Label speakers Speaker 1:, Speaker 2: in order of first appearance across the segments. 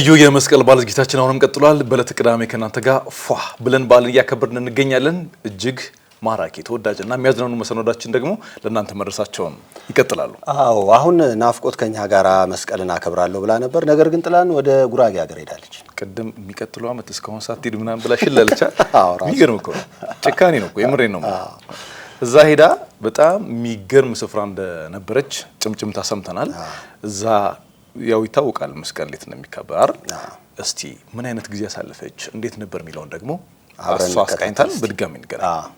Speaker 1: ልዩ የመስቀል በዓል ዝግጅታችን አሁንም ቀጥሏል። በዕለተ ቅዳሜ ከእናንተ ጋር ፏ ብለን በዓልን እያከበርን እንገኛለን። እጅግ ማራኪ ተወዳጅና የሚያዝናኑ መሰናዶችን ደግሞ ለእናንተ መድረሳቸውን ይቀጥላሉ። አዎ
Speaker 2: አሁን ናፍቆት ከኛ ጋር መስቀልን አከብራለሁ ብላ ነበር። ነገር ግን ጥላን ወደ ጉራጌ ሀገር ሄዳለች።
Speaker 1: ቅድም የሚቀጥለው ዓመት እስካሁን ሳትሄድ ምናምን ብላ ሽላለቻ። የሚገርም እኮ ጭካኔ ነው። የምሬ ነው። እዛ ሄዳ በጣም የሚገርም ስፍራ እንደነበረች ጭምጭምታ ሰምተናል። እዛ ያው ይታወቃል መስቀል እንዴት ነው የሚከበር። እስቲ ምን አይነት ጊዜ አሳለፈች እንዴት ነበር የሚለውን ደግሞ እሷ አስቃኝታል። በድጋሚ እንገናኝ።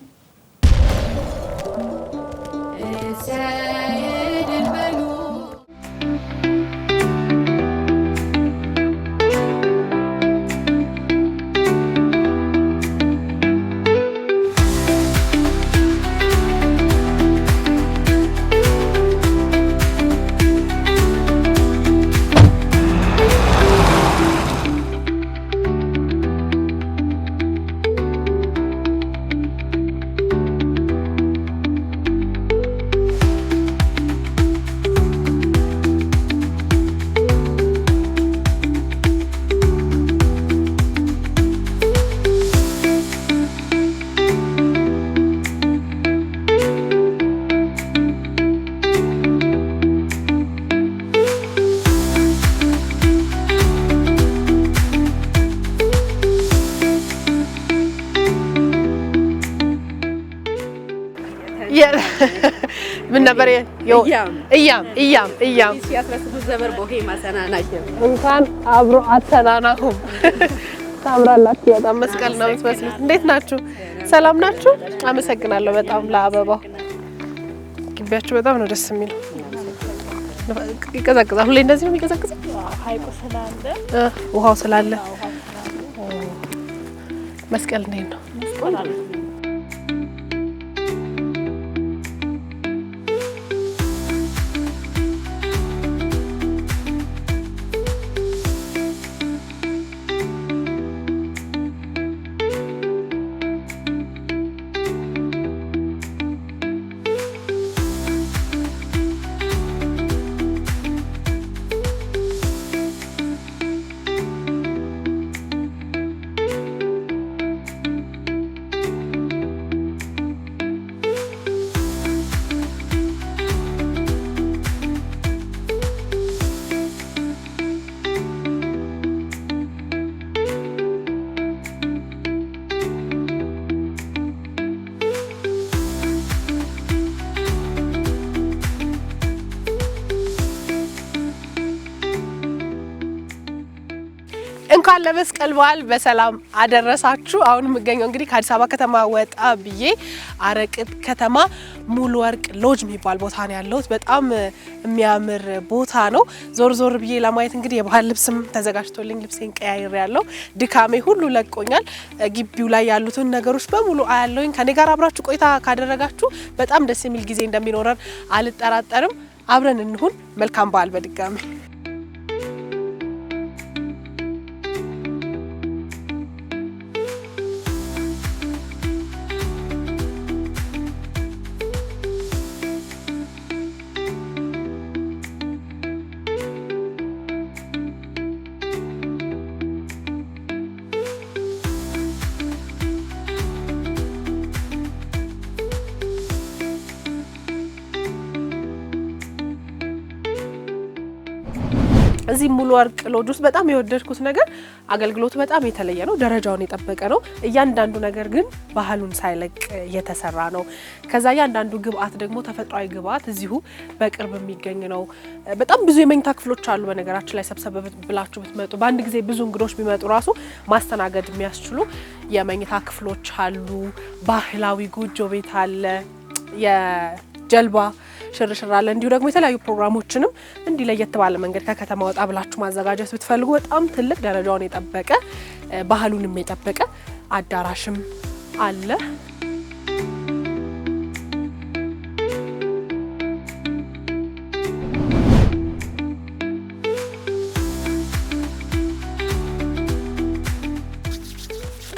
Speaker 3: ነበር እያም እያም እያም እንኳን አብሮ አተናናሁም። ታምራላችሁ። በጣም መስቀል ነው የምትመስሉት። እንዴት ናችሁ? ሰላም ናችሁ? አመሰግናለሁ በጣም ለአበባው። ግቢያችሁ በጣም ነው ደስ የሚለው። ይቀዘቅዛል። ሁሌ እንደዚህ ነው
Speaker 4: የሚቀዘቅዘው፣ ውሃው ስላለ መስቀል እንዴት ነው
Speaker 3: ለመስቀል በዓል በሰላም አደረሳችሁ። አሁን የምገኘው እንግዲህ ከአዲስ አበባ ከተማ ወጣ ብዬ አረቅት ከተማ ሙሉ ወርቅ ሎጅ የሚባል ቦታ ነው ያለሁት። በጣም የሚያምር ቦታ ነው። ዞር ዞር ብዬ ለማየት እንግዲህ የባህል ልብስም ተዘጋጅቶልኝ ልብሴን ቀያይር ያለው ድካሜ ሁሉ ለቆኛል። ግቢው ላይ ያሉትን ነገሮች በሙሉ አያለውኝ። ከኔ ጋር አብራችሁ ቆይታ ካደረጋችሁ በጣም ደስ የሚል ጊዜ እንደሚኖረን አልጠራጠርም። አብረን እንሁን። መልካም በዓል በድጋሚ ወርቅ ሎጅ ውስጥ በጣም የወደድኩት ነገር አገልግሎቱ በጣም የተለየ ነው። ደረጃውን የጠበቀ ነው። እያንዳንዱ ነገር ግን ባህሉን ሳይለቅ የተሰራ ነው። ከዛ እያንዳንዱ ግብአት ደግሞ ተፈጥሯዊ ግብአት እዚሁ በቅርብ የሚገኝ ነው። በጣም ብዙ የመኝታ ክፍሎች አሉ። በነገራችን ላይ ሰብሰብ ብላችሁ ብትመጡ በአንድ ጊዜ ብዙ እንግዶች ቢመጡ ራሱ ማስተናገድ የሚያስችሉ የመኝታ ክፍሎች አሉ። ባህላዊ ጎጆ ቤት አለ። የጀልባ ሽርሽር አለ። እንዲሁ ደግሞ የተለያዩ ፕሮግራሞችንም እንዲህ ለየት ባለ መንገድ ከከተማ ወጣ ብላችሁ ማዘጋጀት ብትፈልጉ በጣም ትልቅ ደረጃውን የጠበቀ ባህሉንም የጠበቀ አዳራሽም አለ።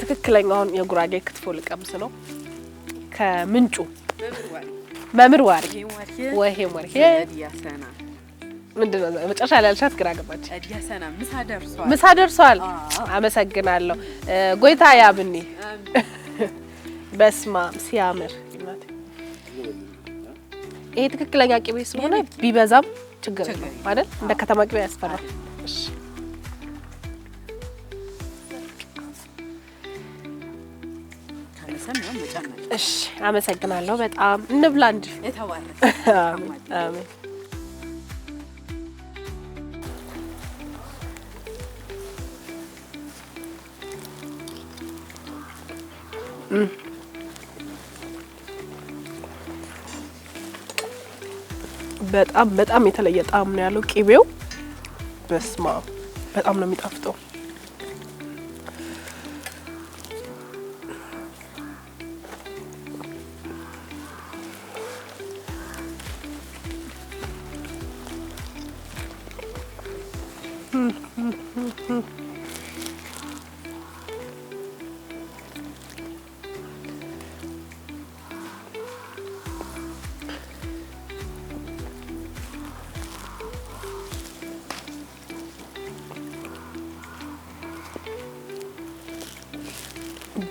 Speaker 3: ትክክለኛውን የጉራጌ ክትፎ ልቀምስ ነው ከምንጩ መምህር ዋሪ ወሄ ወርሄ ምንድን ነው መጨረሻ ላይ አልሻት፣ ግራ ገባች።
Speaker 4: ምሳ ደርሷል። አመሰግናለሁ። ጎይታ ያብኒ
Speaker 3: በስማ ሲያምር ይሄ ትክክለኛ ቅቤ ስለሆነ ቢበዛም ችግር አይደል? እንደ ከተማ ቅቤ ያስፈራል። እሺ፣ አመሰግናለሁ በጣም እንብላ። እንድ በጣም በጣም የተለየ ጣዕም ነው ያለው ቂቤው። በስማ በጣም ነው የሚጣፍጠው።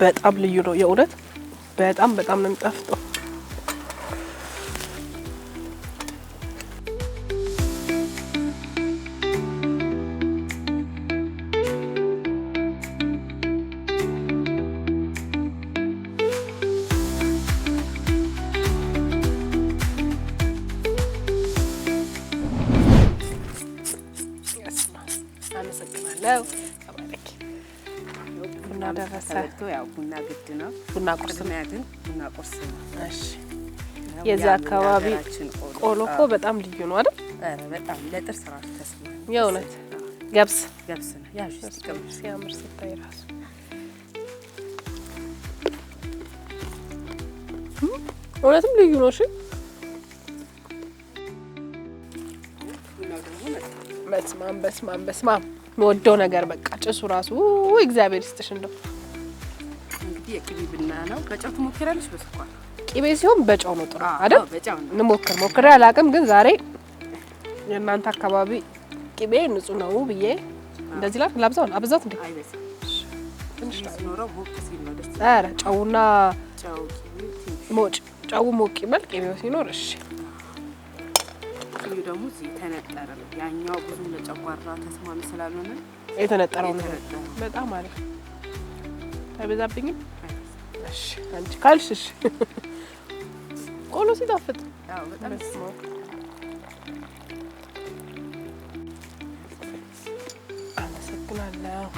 Speaker 3: በጣም ልዩ ነው። የእውነት በጣም በጣም ነው የሚጣፍጠው።
Speaker 4: ቁርስ ነው።
Speaker 3: እሺ የዛ አካባቢ ቆሎ እኮ በጣም ልዩ ነው አይደል?
Speaker 4: በጣም ለጥርስ ራሱ ተስማሚ
Speaker 3: የእውነት ገብስ ገብስ
Speaker 4: ነው። ሲያምር ስታይ ራሱ
Speaker 3: እውነትም ልዩ ነው። እሺ በስማም በስማም በስማም ወደው ነገር በቃ ጭሱ ራሱ እግዚአብሔር ይስጥሽ እንደው
Speaker 4: የቅቤ ብና ነው። በጨው በስኳር
Speaker 3: ቅቤ ሲሆን በጨው ነው ጥሩ አይደል? እንሞክር። ሞክሬ አላውቅም፣ ግን ዛሬ የእናንተ አካባቢ ቅቤ ንጹህ ነው ብዬ እንደዚህ ላብዛው አብዛት እንዴ? ኧረ ጨውና ሞጭ ጨው ሞቅ ይበል ቅቤው ሲኖር። እሺ
Speaker 4: ደግሞ ነው። ያኛው ለጨጓራ ተስማሚ ስላልሆነ
Speaker 3: የተነጠረው ነው። በጣም አሪፍ አይበዛብኝም። አንቺ ቆሎ ሲጣፍጥ አመሰግናለሁ።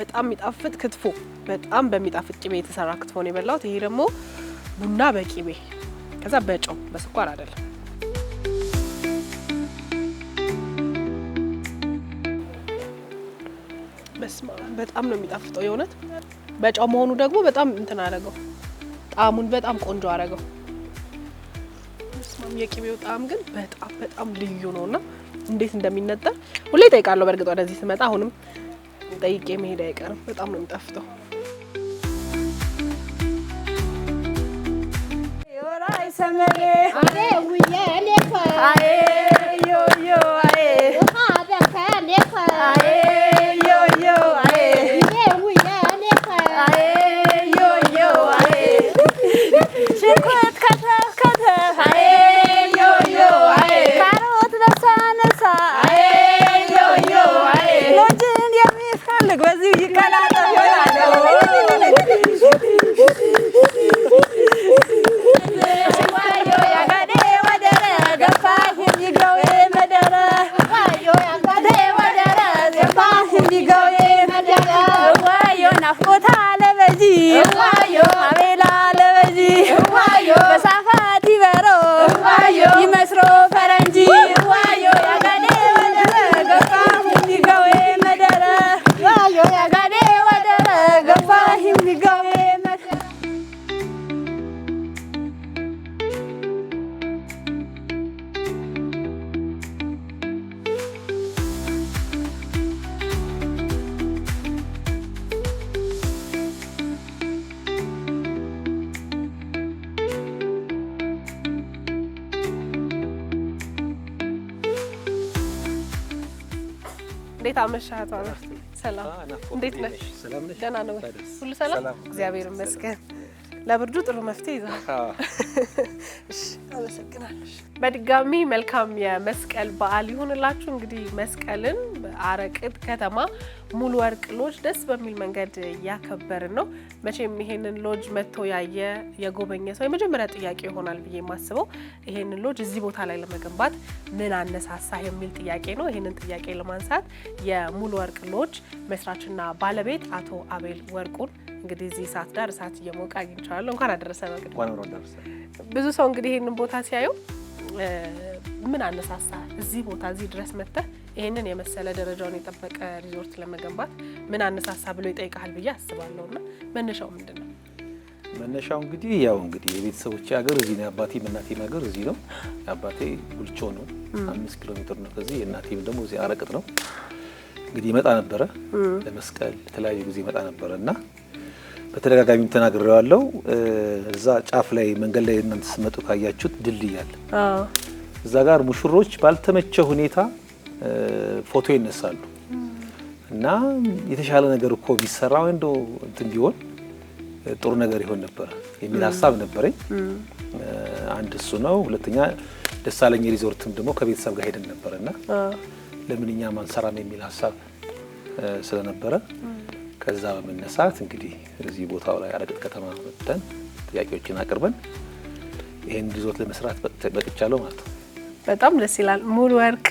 Speaker 3: በጣም የሚጣፍጥ ክትፎ፣ በጣም በሚጣፍጥ ቅቤ የተሰራ ክትፎ ነው የበላሁት። ይሄ ደግሞ ቡና በቅቤ ከዛ በጨው በስኳር አይደለም። በጣም ነው የሚጣፍጠው የእውነት። በጫው መሆኑ ደግሞ በጣም እንትን አደረገው፣ ጣዕሙን በጣም ቆንጆ አደረገው የቅቤው ጣዕም ግን በጣም በጣም ልዩ እና እንዴት እንደሚነጠር ሁሌ ጠይቃለሁ። በእርግጥ ወደዚህ ስመጣ አሁንም ጠይቄ መሄድ አይቀርም። በጣም ነው የሚጣፍጠው። ሰመሬ እንዴት አመሻህ? ሰላም፣ እንዴት ነሽ? ደህና ነው? ሁሉ ሰላም፣ እግዚአብሔር ይመስገን። ለብርዱ ጥሩ መፍትሄ ይዟል። አመሰግናለሁ። በድጋሚ መልካም የመስቀል በዓል ይሁንላችሁ። እንግዲህ መስቀልን አረቅት ከተማ ሙሉ ወርቅ ሎጅ ደስ በሚል መንገድ እያከበርን ነው። መቼም ይሄንን ሎጅ መጥቶ ያየ የጎበኘ ሰው የመጀመሪያ ጥያቄ ይሆናል ብዬ የማስበው ይሄንን ሎጅ እዚህ ቦታ ላይ ለመገንባት ምን አነሳሳ የሚል ጥያቄ ነው። ይሄንን ጥያቄ ለማንሳት የሙሉ ወርቅ ሎጅ መስራችና ባለቤት አቶ አቤል ወርቁን እንግዲህ እዚህ እሳት ዳር እሳት እየሞቀ አግኝቼዋለሁ። እንኳን አደረሰ ነው። ብዙ ሰው እንግዲህ ይህንን ቦታ ሲያየው ምን አነሳሳ እዚህ ቦታ እዚህ ድረስ መጥተህ ይህንን የመሰለ ደረጃውን የጠበቀ ሪዞርት ለመገንባት ምን አነሳሳ ብሎ ይጠይቃል ብዬ አስባለሁ። እና መነሻው ምንድን ነው?
Speaker 2: መነሻው እንግዲህ ያው እንግዲህ የቤተሰቦች ሀገር እዚህ ነው። አባቴ እናቴም ሀገር እዚህ ነው። አባቴ ጉልቾ ነው፣ አምስት ኪሎ ሜትር ነው ከዚህ። እናቴም ደግሞ እዚህ አረቅጥ ነው። እንግዲህ ይመጣ ነበረ ለመስቀል የተለያዩ ጊዜ ይመጣ ነበረ እና በተደጋጋሚም ተናግሬዋለሁ። እዛ ጫፍ ላይ መንገድ ላይ እናንተ ስትመጡ ካያችሁት ድልድይ አለ። እዛ ጋር ሙሽሮች ባልተመቸ ሁኔታ ፎቶ ይነሳሉ እና የተሻለ ነገር እኮ ቢሰራ ወይ እንደው እንትን ቢሆን ጥሩ ነገር ይሆን ነበር የሚል ሀሳብ ነበረኝ። አንድ እሱ ነው። ሁለተኛ ደሳለኝ ሪዞርትም ደግሞ ከቤተሰብ ጋር ሄደን ነበር እና ለምን እኛም አንሰራም የሚል ሀሳብ ስለነበረ ከዛ በመነሳት እንግዲህ እዚህ ቦታው ላይ አረቅጥ ከተማ መጥተን ጥያቄዎችን አቅርበን ይህን ሪዞርት ለመስራት በቅቻለሁ
Speaker 3: ማለት ነው። በጣም ደስ ይላል። ሙሉ ወርቅ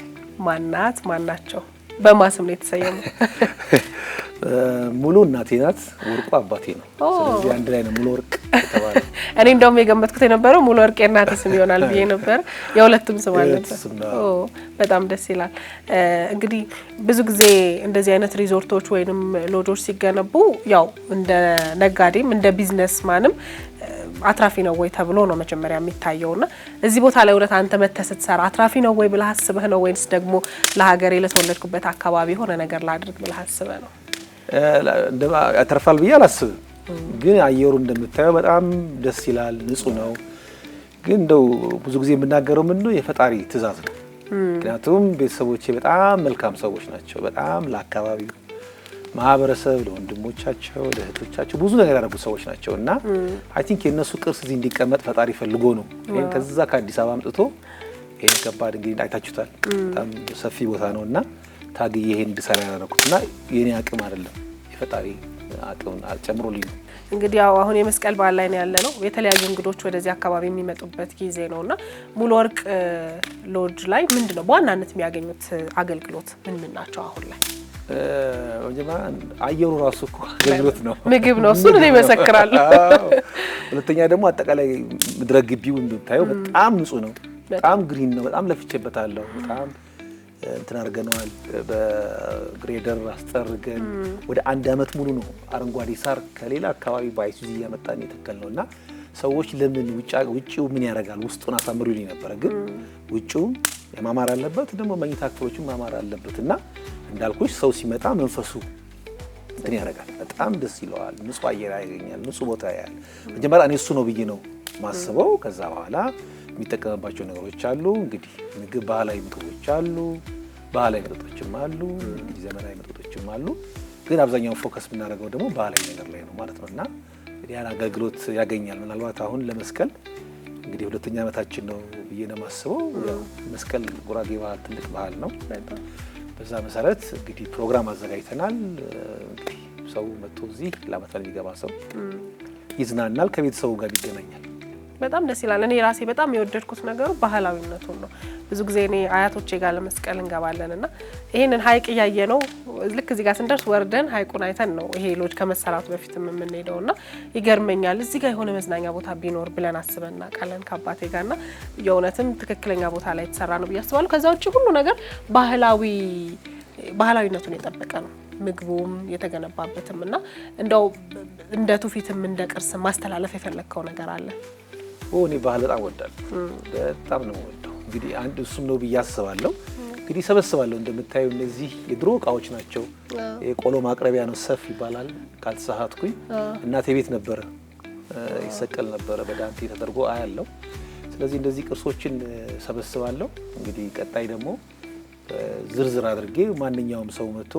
Speaker 3: ማናት ማናቸው? በማስም ነው የተሰየመው።
Speaker 2: ሙሉ እናቴ ናት፣ ወርቁ አባቴ ነው። ስለዚህ አንድ ላይ ነው ሙሉ ወርቅ የተባለ።
Speaker 3: እኔ እንደውም የገመትኩት የነበረው ሙሉ ወርቅ የእናቴ ስም ይሆናል ብዬ ነበር። የሁለቱም ስም አለበት። በጣም ደስ ይላል። እንግዲህ ብዙ ጊዜ እንደዚህ አይነት ሪዞርቶች ወይንም ሎጆች ሲገነቡ ያው እንደ ነጋዴም እንደ ቢዝነስ ማንም አትራፊ ነው ወይ ተብሎ ነው መጀመሪያ የሚታየው ና እዚህ ቦታ ላይ እውነት አንተ መተህ ስትሰራ አትራፊ ነው ወይ ብለህ አስበህ ነው ወይንስ ደግሞ ለሀገሬ ለተወለድኩበት አካባቢ የሆነ ነገር ላድርግ ብለህ አስበህ ነው?
Speaker 2: ያተርፋል ብዬ አላስብም። ግን አየሩ እንደምታየው በጣም ደስ ይላል፣ ንጹህ ነው። ግን እንደው ብዙ ጊዜ የምናገረው ምንድነው የፈጣሪ ትእዛዝ ነው። ምክንያቱም ቤተሰቦቼ በጣም መልካም ሰዎች ናቸው። በጣም ለአካባቢው ማህበረሰብ ለወንድሞቻቸው ለእህቶቻቸው ብዙ ነገር ያደረጉ ሰዎች ናቸው እና አይ ቲንክ የእነሱ ቅርስ እዚህ እንዲቀመጥ ፈጣሪ ፈልጎ ነው። ይህም ከዛ ከአዲስ አበባ አምጥቶ ይህን ከባድ እንግዲህ አይታችሁታል። በጣም ሰፊ ቦታ ነው እና ታግዬ ይሄን እንድሰራ ያደረኩት እና የኔ አቅም አይደለም የፈጣሪ አቅም ጨምሮልኝ ነው።
Speaker 3: እንግዲህ ያው አሁን የመስቀል በዓል ላይ ነው ያለ ነው። የተለያዩ እንግዶች ወደዚህ አካባቢ የሚመጡበት ጊዜ ነው እና ሙሉ ወርቅ ሎጅ ላይ ምንድን ነው በዋናነት የሚያገኙት አገልግሎት ምን ምን ናቸው አሁን ላይ?
Speaker 2: አየሩ ራሱ እኮ አገልግሎት ነው፣ ምግብ ነው። እሱን እኔ ይመሰክራል። ሁለተኛ ደግሞ አጠቃላይ ምድረ ግቢው እንደምታየው በጣም ንጹህ ነው፣ በጣም ግሪን ነው። በጣም ለፍቼበታለሁ። በጣም እንትን አድርገነዋል። በግሬደር አስጠርገን ወደ አንድ አመት ሙሉ ነው አረንጓዴ ሳር ከሌላ አካባቢ በአይሱዚ እያመጣን የተከልነው እና ሰዎች ለምን ውጭው ምን ያደርጋል ውስጡን አሳምሩ ይሉኝ ነበረ። ግን ውጭውም ማማር አለበት፣ ደግሞ መኝታ ክፍሎችም ማማር አለበት እና እንዳልኩሽ ሰው ሲመጣ መንፈሱ እንትን ያደርጋል። በጣም ደስ ይለዋል። ንጹህ አየር ያገኛል። ንጹህ ቦታ ያያል። መጀመሪያ እኔ እሱ ነው ብዬ ነው ማስበው። ከዛ በኋላ የሚጠቀምባቸው ነገሮች አሉ። እንግዲህ ምግብ፣ ባህላዊ ምግቦች አሉ፣ ባህላዊ መጠጦችም አሉ፣ ዘመናዊ መጠጦችም አሉ። ግን አብዛኛውን ፎከስ የምናደርገው ደግሞ ባህላዊ ነገር ላይ ነው ማለት ነው እና እንግዲህ ያን አገልግሎት ያገኛል። ምናልባት አሁን ለመስቀል እንግዲህ ሁለተኛ ዓመታችን ነው ብዬ ነው የማስበው። መስቀል ጉራጌ ባህል ትልቅ ባህል ነው። በዛ መሰረት እንግዲህ ፕሮግራም አዘጋጅተናል። እንግዲህ ሰው መጥቶ እዚህ ለዓመት የሚገባ ሰው ይዝናናል፣ ከቤተሰቡ ጋር ይገናኛል።
Speaker 3: በጣም ደስ ይላል። እኔ ራሴ በጣም የወደድኩት ነገሩ ባህላዊነቱን ነው። ብዙ ጊዜ እኔ አያቶቼ ጋር ለመስቀል እንገባለን እና ይህንን ሀይቅ እያየ ነው ልክ እዚህ ጋር ስንደርስ ወርደን ሀይቁን አይተን ነው ይሄ ሎጅ ከመሰራቱ በፊት የምንሄደው እና ይገርመኛል። እዚህ ጋር የሆነ መዝናኛ ቦታ ቢኖር ብለን አስበና ቃለን ከአባቴ ጋር እና የእውነትም ትክክለኛ ቦታ ላይ የተሰራ ነው ብዬ አስባለሁ። ከዛ ውጭ ሁሉ ነገር ባህላዊ ባህላዊነቱን የጠበቀ ነው ምግቡም የተገነባበትም እና እንደው እንደ ትውፊትም እንደ ቅርስም ማስተላለፍ የፈለግከው ነገር አለ።
Speaker 2: እኔ ባህል በጣም ወዳለሁ፣ በጣም ነው ወደው። እንግዲህ አንድ እሱም ነው ብዬ አስባለሁ። እንግዲህ ሰበስባለሁ። እንደምታዩ እነዚህ የድሮ እቃዎች ናቸው። የቆሎ ማቅረቢያ ነው፣ ሰፍ ይባላል ካልተሳሳትኩኝ። እናቴ ቤት ነበረ ይሰቀል ነበረ፣ በዳንቴ ተደርጎ አያለው። ስለዚህ እንደዚህ ቅርሶችን ሰበስባለሁ። እንግዲህ ቀጣይ ደግሞ ዝርዝር አድርጌ ማንኛውም ሰው መጥቶ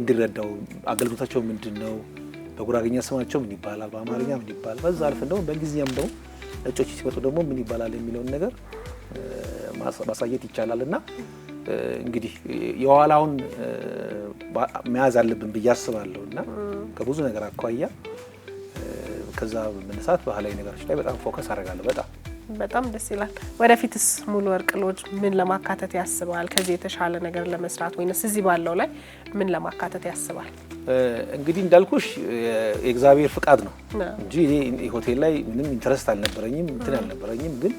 Speaker 2: እንዲረዳው አገልግሎታቸው ምንድን ነው፣ በጉራገኛ ስማቸው ምን ይባላል፣ በአማርኛ ምን ይባላል፣ በዛ አልፍ እንደውም በእንግሊዝኛም ደግሞ እጮች ሲመጡ ደግሞ ምን ይባላል የሚለውን ነገር ማሳየት ይቻላል እና እንግዲህ የኋላውን መያዝ አለብን ብዬ አስባለሁ እና ከብዙ ነገር አኳያ ከዛ መነሳት ባህላዊ ነገሮች ላይ በጣም ፎከስ አደርጋለሁ በጣም
Speaker 3: በጣም ደስ ይላል። ወደፊትስ ሙሉ ወርቅ ሎጅ ምን ለማካተት ያስባል? ከዚህ የተሻለ ነገር ለመስራት ወይስ እዚህ ባለው ላይ ምን ለማካተት ያስባል?
Speaker 2: እንግዲህ እንዳልኩሽ የእግዚአብሔር ፍቃድ ነው እንጂ እኔ ሆቴል ላይ ምንም ኢንትረስት አልነበረኝም፣ እንትን አልነበረኝም። ግን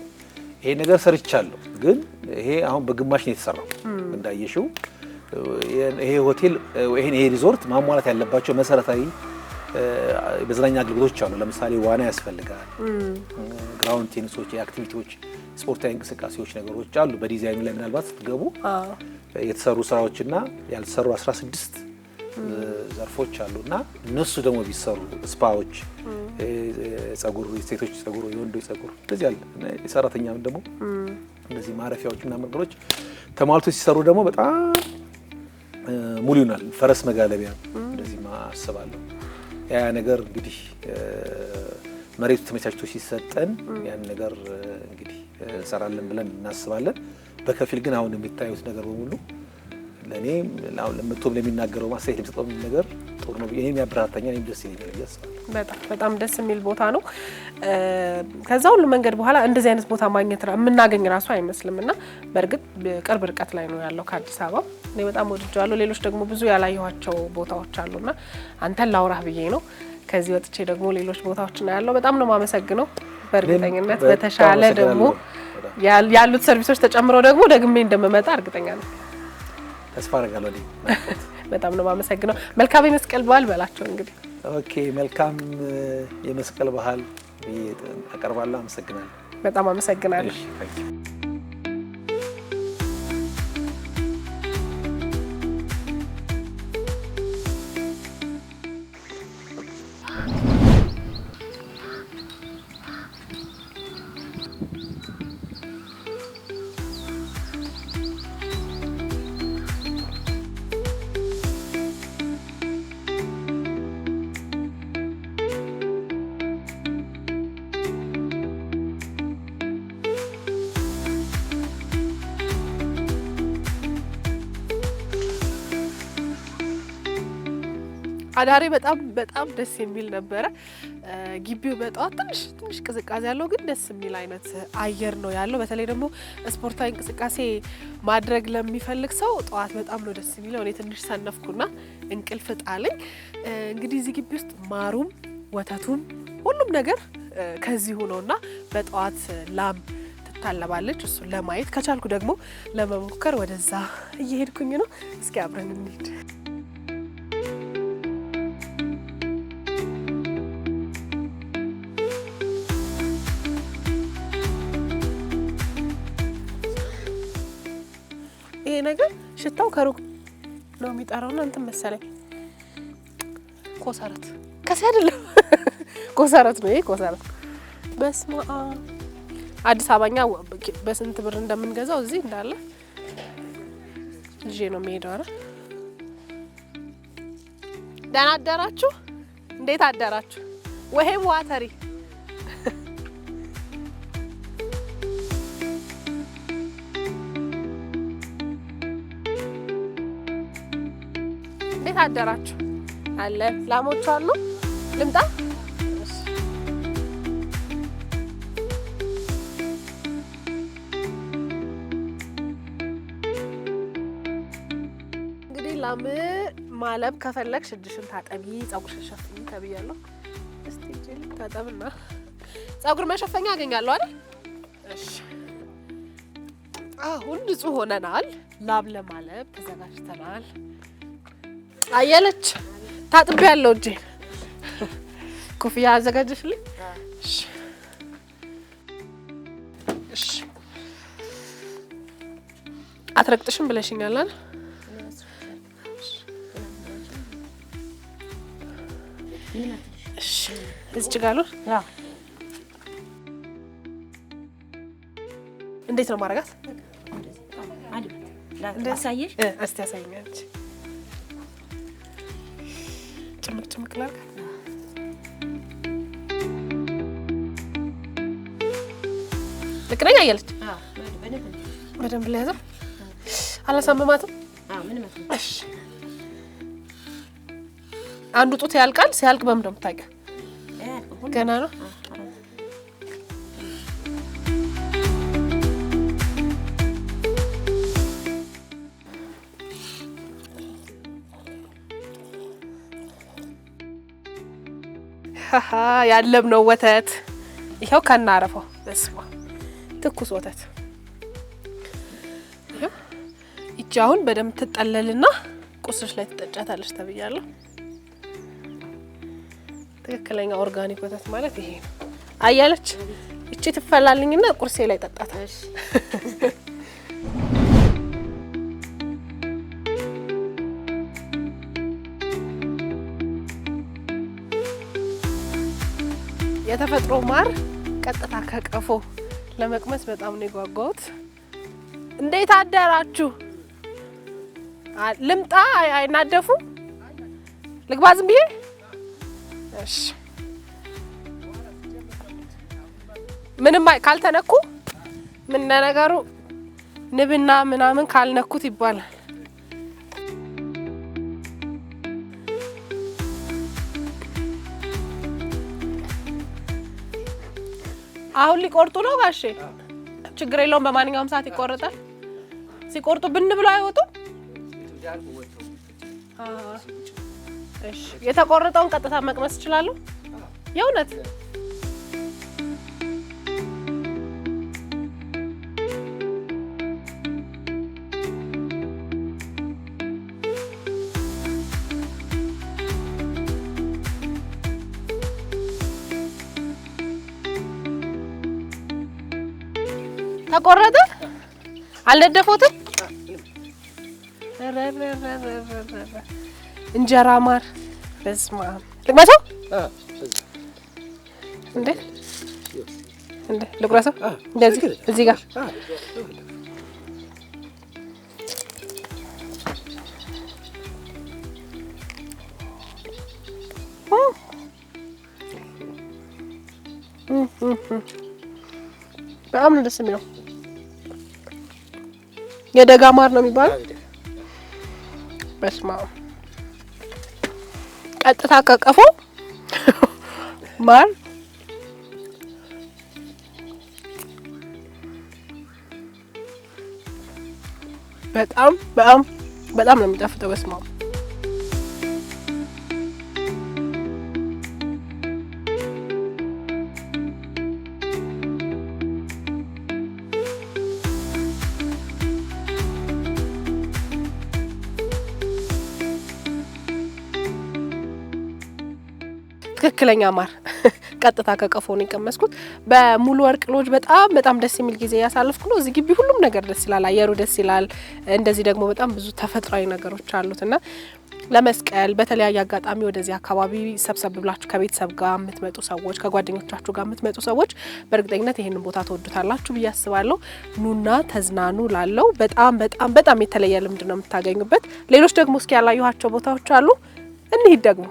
Speaker 2: ይሄ ነገር ሰርቻለሁ። ግን ይሄ አሁን በግማሽ ነው የተሰራው እንዳየሽው። ይሄ ሆቴል ይሄ ሪዞርት ማሟላት ያለባቸው መሰረታዊ መዝናኛ አገልግሎቶች አሉ። ለምሳሌ ዋና ያስፈልጋል፣ ግራውንድ ቴኒሶች፣ የአክቲቪቲዎች፣ ስፖርታዊ እንቅስቃሴዎች ነገሮች አሉ። በዲዛይኑ ላይ ምናልባት ስትገቡ የተሰሩ ስራዎች ስራዎችና ያልተሰሩ 16 ዘርፎች አሉ እና እነሱ ደግሞ ቢሰሩ ስፓዎች፣ ጸጉር፣ የሴቶች ጸጉር፣ የወንዶች ጸጉር እንደዚህ አለ። የሰራተኛም ደግሞ እነዚህ ማረፊያዎች እና ነገሮች ተሟልቶ ሲሰሩ ደግሞ በጣም ሙሉ ይሆናል። ፈረስ መጋለቢያ እንደዚህ አስባለሁ። ያ ነገር እንግዲህ መሬቱ ተመቻችቶ ሲሰጠን ያን ነገር እንግዲህ እንሰራለን ብለን እናስባለን። በከፊል ግን አሁን የሚታዩት ነገር በሙሉ ለእኔ ለምቶም ለሚናገረው ማስተያየት የሚሰጠው ነገር ጥሩ ነው። እኔም ያበረታታኛ እኔም ደስ ይለኛል ብዬ
Speaker 3: በጣም በጣም ደስ የሚል ቦታ ነው። ከዛ ሁሉ መንገድ በኋላ እንደዚህ አይነት ቦታ ማግኘት የምናገኝ ራሱ አይመስልም እና በእርግጥ ቅርብ ርቀት ላይ ነው ያለው ከአዲስ አበባ እኔ በጣም ወድጀዋለሁ። ሌሎች ደግሞ ብዙ ያላየኋቸው ቦታዎች አሉና አንተን ላውራህ ብዬ ነው። ከዚህ ወጥቼ ደግሞ ሌሎች ቦታዎች ቦታዎችን ያለው በጣም ነው የማመሰግነው። በእርግጠኝነት በተሻለ ደግሞ ያሉት ሰርቪሶች ተጨምረው ደግሞ ደግሜ እንደምመጣ እርግጠኛ ነኝ።
Speaker 2: ተስፋ አደርጋለሁ።
Speaker 3: በጣም ነው የማመሰግነው። መልካም የመስቀል በዓል በላቸው እንግዲህ። ኦኬ፣ መልካም የመስቀል በዓል አቀርባለሁ። አመሰግናለሁ። በጣም አመሰግናለሁ። አዳሬ በጣም በጣም ደስ የሚል ነበረ። ግቢው በጠዋት ትንሽ ትንሽ ቅዝቃዜ ያለው ግን ደስ የሚል አይነት አየር ነው ያለው። በተለይ ደግሞ ስፖርታዊ እንቅስቃሴ ማድረግ ለሚፈልግ ሰው ጠዋት በጣም ነው ደስ የሚለው። እኔ ትንሽ ሰነፍኩና እንቅልፍ ጣለኝ። እንግዲህ እዚህ ግቢ ውስጥ ማሩም ወተቱም ሁሉም ነገር ከዚሁ ነውና በጠዋት ላም ትታለባለች። እሱን ለማየት ከቻልኩ ደግሞ ለመሞከር ወደዛ እየሄድኩኝ ነው። እስኪ አብረን እንሂድ። ሽታው ከሩቅ ነው ና እንትን መሰለኝ ኮሰረት ከሴ አይደለም ኮሰረት ነው ይሄ ኮሰረት። በስማ አዲስ አበባኛ በስንት ብር እንደምንገዛው እዚህ እንዳለ ልጄ ነው የሚሄደው። አረ ደህና አደራችሁ፣ እንዴት አደራችሁ? ወይም ዋተሪ እንዴት አደራችሁ? አለ ላሞቹ አሉ። ልምጣ እንግዲህ ላም ማለብ ከፈለግሽ እጅሽን ታጠቢ፣ ጸጉርሽን ሸፍኝ ተብያለሁ። እስቲ ታጠብና ጸጉር መሸፈኛ አገኛለሁ አይደል? እሺ አሁን ንጹህ ሆነናል። ላም ለማለብ ተዘጋጅተናል። አየለች ታጥቤ ያለው እጄ ኮፍያ አዘጋጀሽልኝ? አትረግጥሽም ብለሽኛል አይደል? እዚህ ጭጋሉ እንዴት ነው ማረጋት? እንደዚህ አሳየሽ? እስቲ ያሳየኛለች čmrkla. ልክ ነኝ አየለች። በደንብ ለያዘው አላሳመማትም። አንዱ ጡት ያልቃል። ሲያልቅ በምን ነው የምታውቂው? ገና ነው። ያለምነው ወተት ይኸው ከናረፈው በስማ ትኩስ ወተት ይቺ አሁን በደንብ ትጠለልና ቁስሽ ላይ ትጠጫታለች ተብያለሁ። ትክክለኛ ኦርጋኒክ ወተት ማለት ይሄ ነው። አያለች ይቺ ትፈላልኝና ቁርሴ ላይ ጠጣታለች። የተፈጥሮ ማር ቀጥታ ከቀፎ ለመቅመስ በጣም ነው የጓጓሁት። እንዴት አደራችሁ? ልምጣ? አይናደፉም? ልግባ? ዝም ብዬ እሺ። ምንም ካልተነኩ ምን ነገሩ ንብና ምናምን ካልነኩት ይባላል። አሁን ሊቆርጡ ነው ጋሼ? ችግር የለውም በማንኛውም ሰዓት ይቆርጣል። ሲቆርጡ ብን ብሎ አይወጡም። እሺ የተቆረጠውን ቀጥታ መቅመስ ይችላሉ የእውነት ተቆረጠ? አልነደፎትም። እንጀራ ማር በስማ ልቅመሰው እንዴ እንዴ ልቁረሰው እንደዚህ እዚህ ጋር በጣም ነው ደስ የሚለው። የደጋ ማር ነው የሚባለው። በስማ ቀጥታ ከቀፎ ማር በጣም በጣም በጣም ነው የሚጣፍጠው። በስማ ትክክለኛ ማር ቀጥታ ከቀፎን የቀመስኩት በሙሉ ወርቅ ሎጅ በጣም በጣም ደስ የሚል ጊዜ ያሳለፍኩ ነው። እዚህ ግቢ ሁሉም ነገር ደስ ይላል፣ አየሩ ደስ ይላል። እንደዚህ ደግሞ በጣም ብዙ ተፈጥሯዊ ነገሮች አሉት እና ለመስቀል በተለያየ አጋጣሚ ወደዚህ አካባቢ ሰብሰብ ብላችሁ ከቤተሰብ ጋር የምትመጡ ሰዎች ከጓደኞቻችሁ ጋር የምትመጡ ሰዎች በእርግጠኝነት ይህንን ቦታ ተወዱታላችሁ ብዬ አስባለሁ። ኑና ተዝናኑ ላለው በጣም በጣም በጣም የተለየ ልምድ ነው የምታገኙበት። ሌሎች ደግሞ እስኪ ያላየኋቸው ቦታዎች አሉ፣ እንሂድ ደግሞ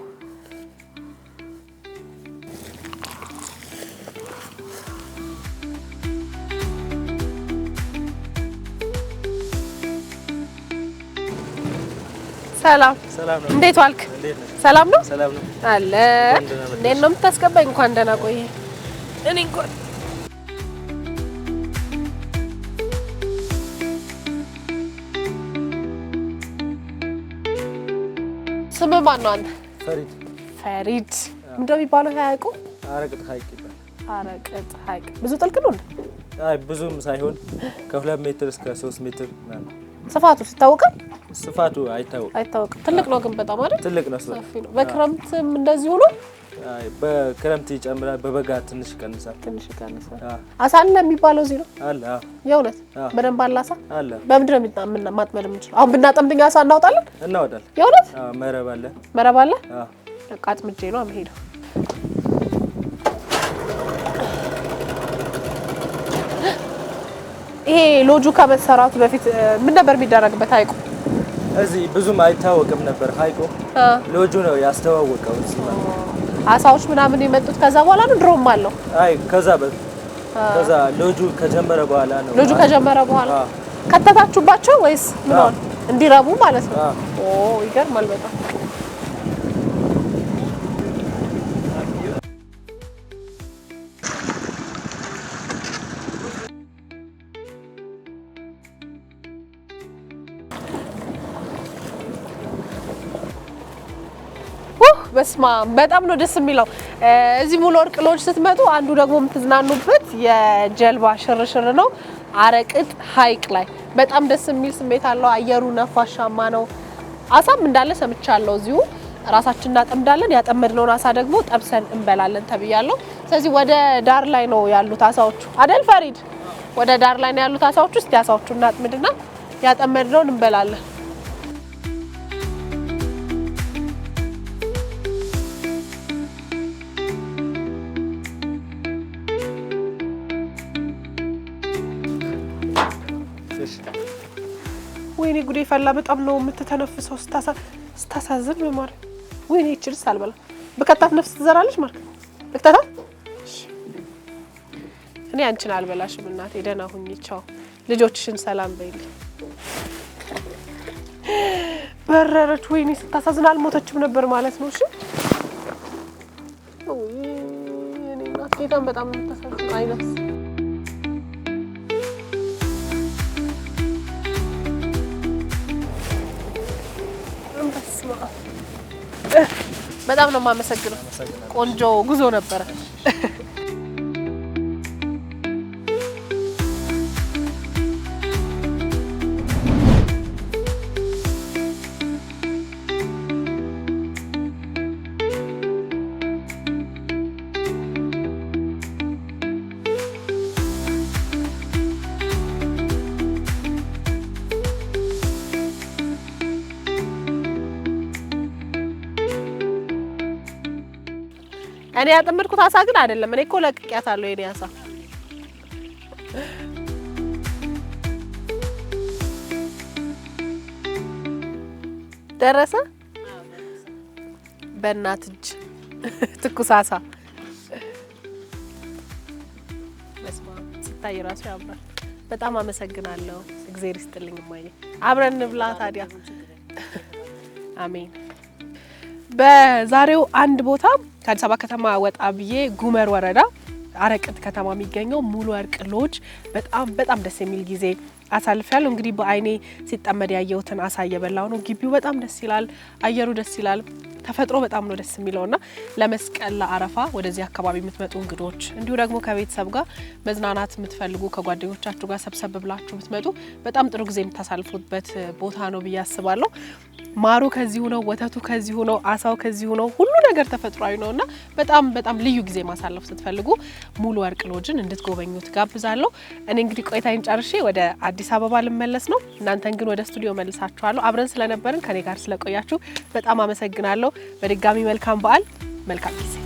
Speaker 3: ሰላም ሰላም ነው። እንዴት ዋልክ? ሰላም ነው። ሰላም ነው አለ። እንዴት ነው የምታስገባኝ? እንኳን ደህና ቆየ። እኔ እንኳን ስም ማን ነው አንተ? ፈሪድ ፈሪድ እንደሚባለው ሀይቁ አረቅጥ ሀይቅ ይባላል። አረቅጥ ሀይቅ ብዙ ጥልቅ ነው? አይ ብዙም ሳይሆን ከሁለት ሜትር እስከ ሶስት ሜትር ነው። ስፋቱ ሲታወቃል? ስፋቱ አይታወቅም፣ አይታወቅም። ትልቅ ነው ግን በጣም አይደል? ትልቅ ነው፣ ሰፊ ነው። በክረምትም እንደዚህ ሆኖ በክረምት ይጨምራል፣ በበጋ ትንሽ ይቀንሳል። ትንሽ ይቀንሳል። አሳ አለ የሚባለው እዚህ ነው አለ። የእውነት በደንብ አለ አሳ አለ። በምንድን ነው ማጥመድ የምንችለው? አሁን ብናጠምድኛ አሳ እናወጣለን፣ እናወጣለን። የእውነት መረብ አለ፣ መረብ አለ። በቃ አጥምጄ ነው የምሄደው። ይሄ ሎጁ ከመሰራቱ በፊት ምን ነበር የሚደረግበት? ሀይቁ እዚህ ብዙም አይታወቅም ነበር። ሀይቁ ሎጁ ነው ያስተዋወቀው። አሳዎች ምናምን የመጡት ከዛ በኋላ ነው። ድሮም አለው። አይ ከዛ በ ከዛ ሎጁ ከጀመረ በኋላ ነው። ሎጁ ከጀመረ በኋላ ከተታችሁባቸው ወይስ ምን? እንዲረቡ ማለት ነው። ኦ ይገርማል በጣም በስማ በጣም ነው ደስ የሚለው። እዚህ ሙሉ ወርቅ ሎጅ ስትመጡ አንዱ ደግሞ የምትዝናኑበት የጀልባ ሽርሽር ነው። አረቅጥ ሀይቅ ላይ በጣም ደስ የሚል ስሜት አለው። አየሩ ነፋሻማ ነው። አሳም እንዳለ ሰምቻለሁ። እዚሁ ራሳችን እናጠምዳለን። ያጠመድነውን አሳ ደግሞ ጠብሰን እንበላለን ተብያለሁ። ስለዚህ ወደ ዳር ላይ ነው ያሉት አሳዎቹ አደል ፈሪድ? ወደ ዳር ላይ ነው ያሉት አሳዎቹ። እስቲ አሳዎቹ እናጥምድና ያጠመድነውን እንበላለን። ጉዴ ፈላ። በጣም ነው የምትተነፍሰው። ስታሳዝን በማር ወይኔ ይችልስ አልበላ በከታት ነፍስ ትዘራለች። ማርክ ልክተታ እኔ አንቺን አልበላሽም እናቴ። ደህና ሁኚ ቻው። ልጆችሽን ሰላም በይል። በረረች። ወይኔ ስታሳዝን አልሞተችም ነበር ማለት ነው። እሺ ጌታን በጣም የምታሳዝን አይነፍስ በጣም ነው የማመሰግነው። ቆንጆ ጉዞ ነበረ። እኔ ያጠመድኩት አሳ ግን አይደለም። እኔ እኮ ለቅቄያታለሁ የኔ አሳ። ደረሰ በእናት እጅ ትኩስ አሳ ሲታይ ራሱ ያምራል። በጣም አመሰግናለሁ። እግዜር ይስጥልኝ ማየ አብረን እንብላ ታዲያ። አሜን። በዛሬው አንድ ቦታ ከአዲስ አበባ ከተማ ወጣ ብዬ ጉመር ወረዳ አረቅት ከተማ የሚገኘው ሙሉ ወርቅ ሎጅ በጣም በጣም ደስ የሚል ጊዜ ያለው እንግዲህ በአይኔ ሲጠመድ ያየሁትን አሳ እየበላሁ ነው። ግቢው በጣም ደስ ይላል። አየሩ ደስ ይላል። ተፈጥሮ በጣም ነው ደስ የሚለውና ለመስቀል ለአረፋ ወደዚህ አካባቢ የምትመጡ እንግዶች እንዲሁ ደግሞ ከቤተሰብ ጋር መዝናናት የምትፈልጉ ከጓደኞቻችሁ ጋር ሰብሰብ ብላችሁ የምትመጡ በጣም ጥሩ ጊዜ የምታሳልፉበት ቦታ ነው ብዬ አስባለሁ። ማሩ ከዚሁ ነው፣ ወተቱ ከዚሁ ነው፣ አሳው ከዚሁ ነው። ሁሉ ነገር ተፈጥሯዊ ነውና በጣም በጣም ልዩ ጊዜ ማሳለፍ ስትፈልጉ ሙሉ ወርቅ ሎጅን እንድትጎበኙ ትጋብዛለሁ። እኔ እንግዲህ ቆይታዬን ጨርሼ ወደ አዲስ አበባ ልመለስ ነው። እናንተን ግን ወደ ስቱዲዮ መልሳችኋለሁ። አብረን ስለነበርን ከኔ ጋር ስለቆያችሁ በጣም አመሰግናለሁ። በድጋሚ መልካም በዓል፣ መልካም ጊዜ